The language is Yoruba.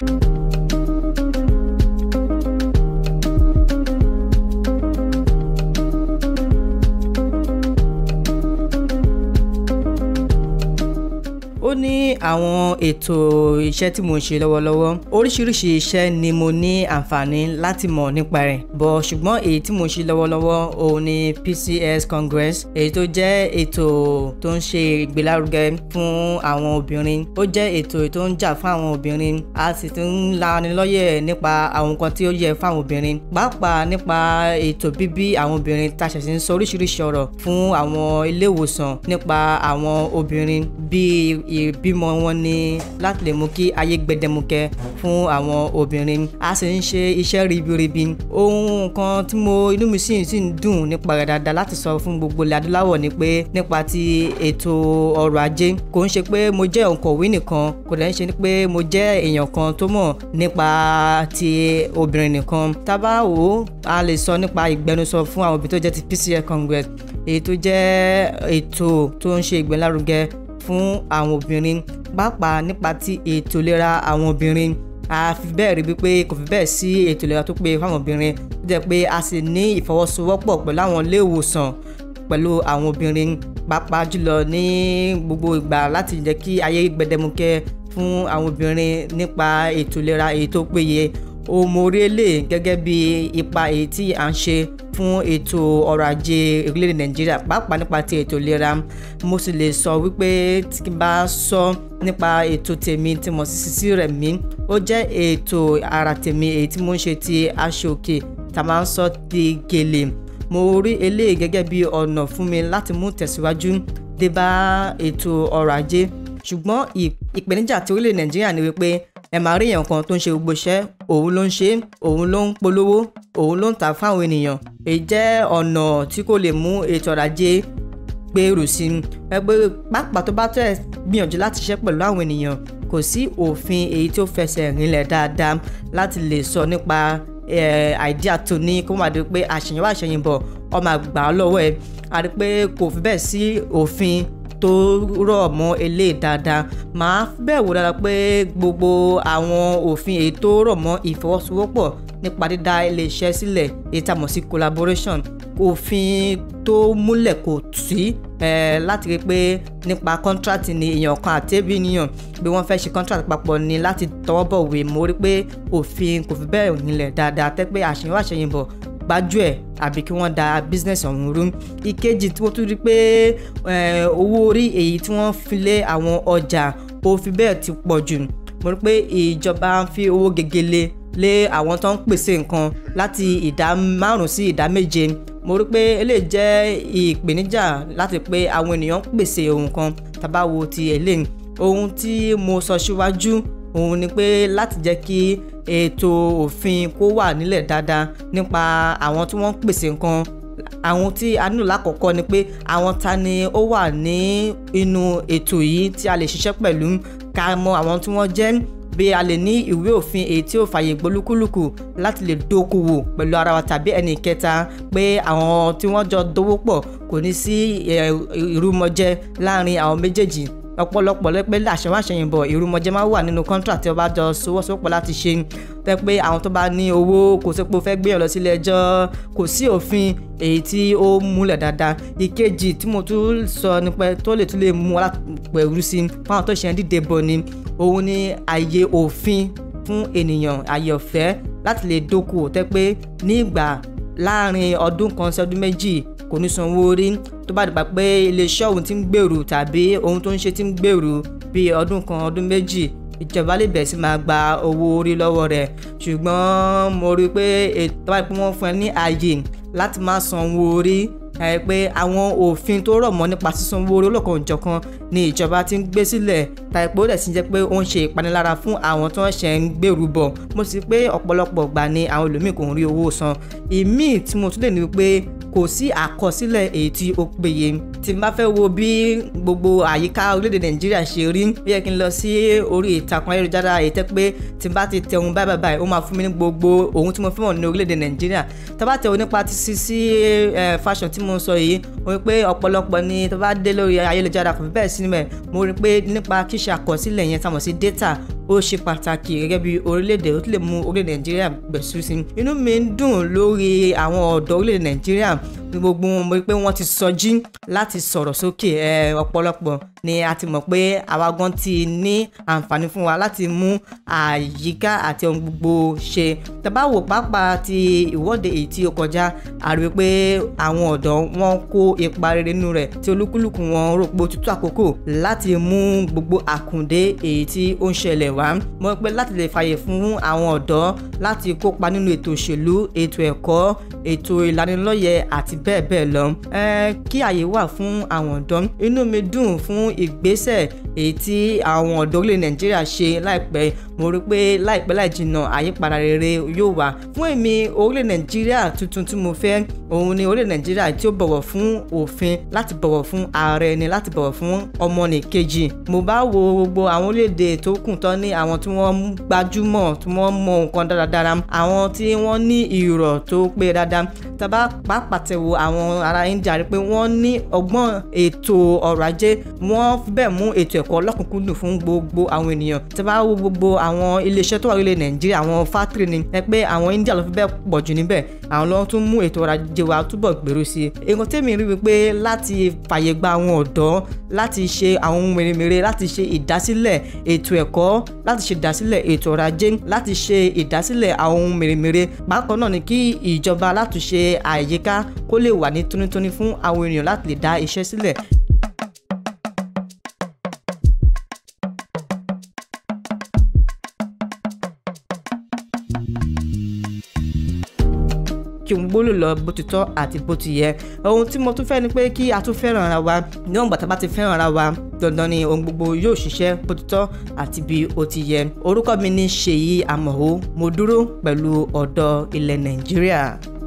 thank you àwọn ètò iṣẹ́ tí mo ń ṣe lọ́wọ́lọ́wọ́ oríṣiríṣi iṣẹ́ ni mo ní àǹfààní láti mọ̀ nípa rẹ̀ bọ̀ ṣùgbọ́n èyí tí mo ń ṣe lọ́wọ́lọ́wọ́ òun ni PCS Congress èyí tó jẹ́ ètò tó ń ṣe ìgbélárugẹ fún àwọn obìnrin ó jẹ́ ètò tó ń jà fún àwọn obìnrin a sì tún ń lanilọ́yẹ̀ nípa àwọn nǹkan tí ó yẹ fáwọn obìnrin pàápàá nípa ètò bíbí àwọn obìnrin tá a ṣẹ̀ṣẹ̀ ń sọ oríṣiríṣi ọ̀rọ̀ fún àwọn ilé ìwòsàn nípa àwọn obìnrin bíi ìbímọ fún wọn ní láti lè mú kí ayé gbẹdẹmukẹ fún àwọn obìnrin a sì ń ṣe iṣẹ́ ribiribi ohun kan tí mo inú mi sì sì ń dùn nípa rẹ̀ dáadáa láti sọ fún gbogbo ilẹ̀ adúláwọ̀ ni pé nípa ti ètò ọrọ̀ ajé kò ń ṣe pé mo jẹ́ òǹkọ̀wé nìkan kò dẹ̀ ń ṣe pé mo jẹ́ èèyàn kan tó mọ̀ nípa ti obìnrin nìkan tá a bá wò ó a lè sọ nípa ìgbẹnusọ fún àwọn òbí tó jẹ́ ti PCA Congress èyí tó jẹ́ ètò tó ń ṣe ìgbélárugẹ fún àwọn obìnrin pàápàá nípa ti ètò ìlera àwọn obìnrin a fi bẹ́ẹ̀ rí wípé kò fi bẹ́ẹ̀ sí ètò ìlera tó péye fáwọn obìnrin tó jẹ́ pé a sì ní ìfọwọ́sowọ́pọ̀ pẹ̀lú àwọn ilé ìwòsàn pẹ̀lú àwọn obìnrin pàápàá jùlọ ní gbogbo ìgbà láti jẹ́ kí ayé gbẹdẹmukẹ́ fún àwọn obìnrin nípa ètò ìlera èyí tó péye ó mórí èlé gẹ́gẹ́ bí ipa èyí tí à ń ṣe fún ètò ọrọ̀ ajé orílẹ̀-èdè nàìjíríà pàápàá nípa ti ètò ìlera mo sì lè sọ wípé tí n bá sọ nípa ètò tèmi tí mo sì sí rẹ̀ mí ó jẹ́ ètò ara tèmi èyí tí mo ń ṣe ti aṣòkè tá a máa ń sọ ti gèlè mo rí eléyìí gẹ́gẹ́ bí ọ̀nà fún mi láti mú tẹ̀síwájú dé bá ètò ọrọ̀ ajé ṣùgbọ́n ìpèníjà tí orílẹ̀ nàìjíríà ni wípé ẹ máa rí èèyàn kan tó ń ṣe gbogbo iṣẹ́ òun ló ń ṣe òun ló ń polówó òun ló ń tà fáwọn ènìyàn èyí jẹ́ ọ̀nà tí kò lè mú ètò ọrọ̀ ajé gbèrú sí i ẹgbẹ́ pápá tó bá tẹ̀ gbìyànjú láti ṣiṣẹ́ pẹ̀lú àwọn ènìyàn kò sí òfin èyí tó fẹsẹ̀ rinlẹ̀ dáadáa láti lè sọ nípa àìdíà tó ní kó má di pé àṣeyàn wà àṣeyìnbọ̀ ọ máa gbà lọ́wọ́ ẹ àti pé kò fi bẹ́ẹ̀ sí òfin tó rọ̀ mọ́ eléyìí dáadáa màá bẹ̀ wò dáadáa pé gbogbo àwọn òfin èyí tó rọ̀ mọ́ ìfọwọ́sowọ́pọ̀ nípa dídá iléeṣẹ́ sílẹ̀ èyí tá a mọ̀ sí collaboration òfin tó múlẹ̀ kò sí Eh, láti rí pé nípa contract ni èèyàn kan àti ènìyàn bí wọ́n fẹ́ ṣe contract papọ̀ ni láti tọwọ́ bọ̀wé mo rí pé òfin kò fi bẹ́ẹ̀ nílẹ̀ dáadáa tẹ́ pé àṣeyàn àṣeyìnbọ̀ gbájú ẹ̀ àbí kí wọ́n da business ọ̀hún rú ìkejì tí wọ́n tún rí pé eh, owó orí èyí tí wọ́n fi lé àwọn ọjà ó fi bẹ́ẹ̀ ti pọ̀ jù mo rí pé ìjọba ń fi owó gegele lé àwọn tó ń pèsè nǹkan láti ìdá márùn sí ìdá méje mo rí pé eléyìí jẹ́ ìpèníjà láti pé àwọn ènìyàn ń pèsè ohun kan tàbá wo ti eléyìí ohun tí mo sọ síwájú òun ni pé láti jẹ́ kí ètò òfin kó wà nílẹ̀ dáadáa nípa àwọn tí wọ́n ń pèsè nǹkan àwọn tí a nílò lákọ̀ọ́kọ́ ni pé àwọn ta ni ó wà ní inú ètò yìí tí a lè ṣiṣẹ́ pẹ̀lú ká mọ àwọn tí wọ́n jẹ́ bí a lè ní ìwé òfin èyí tí ó fàyè gbolúkúlùkù láti lè dókòwò pẹ̀lú ara wa tàbí ẹnì kẹta pé àwọn tí wọ́n jọ dówó pọ̀ kò ní sí ìrúmọjẹ láàrin àwọn méjèèjì ọ̀pọ̀lọpọ̀ lọ pé láṣẹ wá ṣẹyìn bọ̀ ìrúmọjẹ máa wà nínú contract tí wọ́n bá jọ sowọ́sowọ́pọ̀ láti ṣe tẹ́ pé àwọn tó bá ní owó kò sí pé o fẹ́ gbé yàn lọ sílé ẹjọ́ kò sí òfin èyí tí ó múlẹ̀ dáadáa ìkejì tí mo tún sọ nípa tó lè tún lè mú wa pẹ̀lú sí fáwọn tó ṣe ń dìde bọ̀ ni òun ni àyè òfin fún ènìyàn àyè ọ̀fẹ́ láti lè dókòó tẹ́ pé nígbà láàrin ọdún kan sí ọdún méjì kò ní sanwó orí tó bá dìgbà pé iléeṣẹ́ òun ti ń gbèrú tàbí ohun tó ń ṣe ti ń gbèrú bíi ọdún kan ọdún méjì ìjọba lè bẹ̀rẹ̀ sí máa gba owó orí lọ́wọ́ rẹ̀ ṣùgbọ́n mo rí i pé ètò àìpé wọ́n fún ẹ ní ààyè láti má sanwó orí pé àwọn òfin tó rọ̀ mọ́ nípa sísanwó orí olókan òjọ̀kan ni ìjọba ti ń gbé sílẹ̀ tàìpó rẹ̀ sì jẹ́ pé ó ń ṣe ìpanilára fún àwọn tó ń ṣe ń gbèrú bọ̀ mo sì pé ọ̀pọ̀lọpọ̀ gbà ni àwọn olómìn kò ń rí owó san ìmíì tí mo tún lè ní wípé kò sí àkọsílẹ̀ èyí tí ó péye tí n bá fẹ́ wo bí gbogbo àyíká orílẹ̀-èdè nàìjíríà ṣe rí bí ẹ kí n lọ sí orí ìtàkùn ayélujára èyí tẹ́ pé tí n bá ti tẹ báyìí báyìí ó máa fún mi ní gbogbo ohun tí mo fẹ́ràn ní orílẹ̀-èdè nàìjíríà tá bá tẹ nípa ti sí sí fashion tí mo mo sọ yìí mo rí pé ọ̀pọ̀lọpọ̀ ni tó bá dé lórí ayélujára kò fi bẹ́ẹ̀ sí níbẹ̀ mo rí pé nípa kíṣe àkọsílẹ̀ yẹn tá mọ̀ sí data ó ṣe pàtàkì gẹ́gẹ́ bí orílẹ̀-èdè ó tún lè mú orílẹ̀-èdè nàìjíríà gbẹ̀sù sí inú mi ń dùn lórí àwọn ọ̀dọ́ orílẹ̀-èdè nàìjíríà gbogbo wọn pé wọ́n ti sọjí láti sọ̀rọ̀ sókè ọ̀pọ̀lọpọ̀ ni a ti mọ̀ pé àwa gan ti ní àǹfààní fún wa láti mú àyíká àti ohun gbogbo ṣe tàbá wò pàápàá ti ìwọ́de èyí tí ó kọjá a rí pé àwọn ọ̀dọ́ wọn kó ipa rere nínú rẹ̀ tí olúkúlùkù wọn rò pé ó ti tó àkókò láti mú gbogbo àkùndé èyí tí ó ń ṣẹlẹ̀ wá mọ̀ pé láti lè fàyè fún àwọn ọ̀dọ́ láti kópa nínú ètò òṣèlú ètò ẹ̀kọ́ ètò ìlanilọ́yẹ̀ àti bẹ́ẹ̀ bẹ́ẹ̀ lọ kí àyè wà fún àwọn ọ̀dọ́ inú mi dùn fún ìgbésẹ̀ èyí tí àwọn ọ̀dọ́ orílẹ̀ Nàìjíríà ṣe láìpẹ́ mo rí pé láìpẹ́ láì jìnnà àyípadà rere yóò wà fún èmi orílẹ̀ nàìjíríà tuntun tí mo fẹ́ òun ni orílẹ̀ nàìjíríà tí ó bọ̀wọ̀ fún òfin láti bọ̀wọ̀ fún ààrẹ ẹni láti bọ̀wọ̀ fún ọmọnìkejì mo bá wo gbogbo àwọn orílẹ̀-èdè tó kù tán ní àwọn tí wọ́n gbajúmọ̀ tí wọ́n mọ nǹkan dáradára àwọn tí wọ́n ní ìrọ̀ tó pé dáadáa tàbá pàpàtẹ̀wò àwọn ará India rí pé wọ́n ní ọgbọ́n ètò ọrọ̀ ajé wọ́n bẹ̀ mú ètò ẹ̀kọ́ ọlọ́kùnkúndùn fún gbogbo àwọn ènìyàn tàbá wo gbogbo àwọn àwọn iléeṣẹ́ tó wà lórílẹ̀ nàìjíríà àwọn fátìrì ni ẹ pé àwọn india ló fi bẹ́ẹ̀ pọ̀ jù níbẹ̀ àwọn ló tún mú ètò ọrọ̀ ajé wa túbọ̀ gbèrú sí i nǹkan tẹ́mi rí wípé láti fàyè gba àwọn ọ̀dọ́ láti ṣe àwọn ohun mèremère láti ṣe ìdásílẹ̀ ètò ẹ̀kọ́ láti ṣe ìdásílẹ̀ ètò ọrọ̀ ajé láti ṣe ìdásílẹ̀ àwọn ohun mèremère bákan náà ni kí ìjọba látúnṣe àyíká kó lè wà ní tónítóní fún àwọn ènìyàn láti lè dá iṣẹ́ sílẹ̀ kí n gbólò lọ bó ti tọ́ àti bó ti yẹ ohun tí mo tún fẹ́ ni pé kí a tún fẹ́ràn ara wa níwọ̀n gbàtà bá ti fẹ́ràn ara wa dandan ni ohun gbogbo yóò ṣiṣẹ́ bó ti tọ́ àti bí ó ti yẹ orúkọ mi ni Ṣèyí Àmọ̀hó mo dúró pẹ̀lú ọ̀dọ́ ilẹ̀ Nàìjíríà.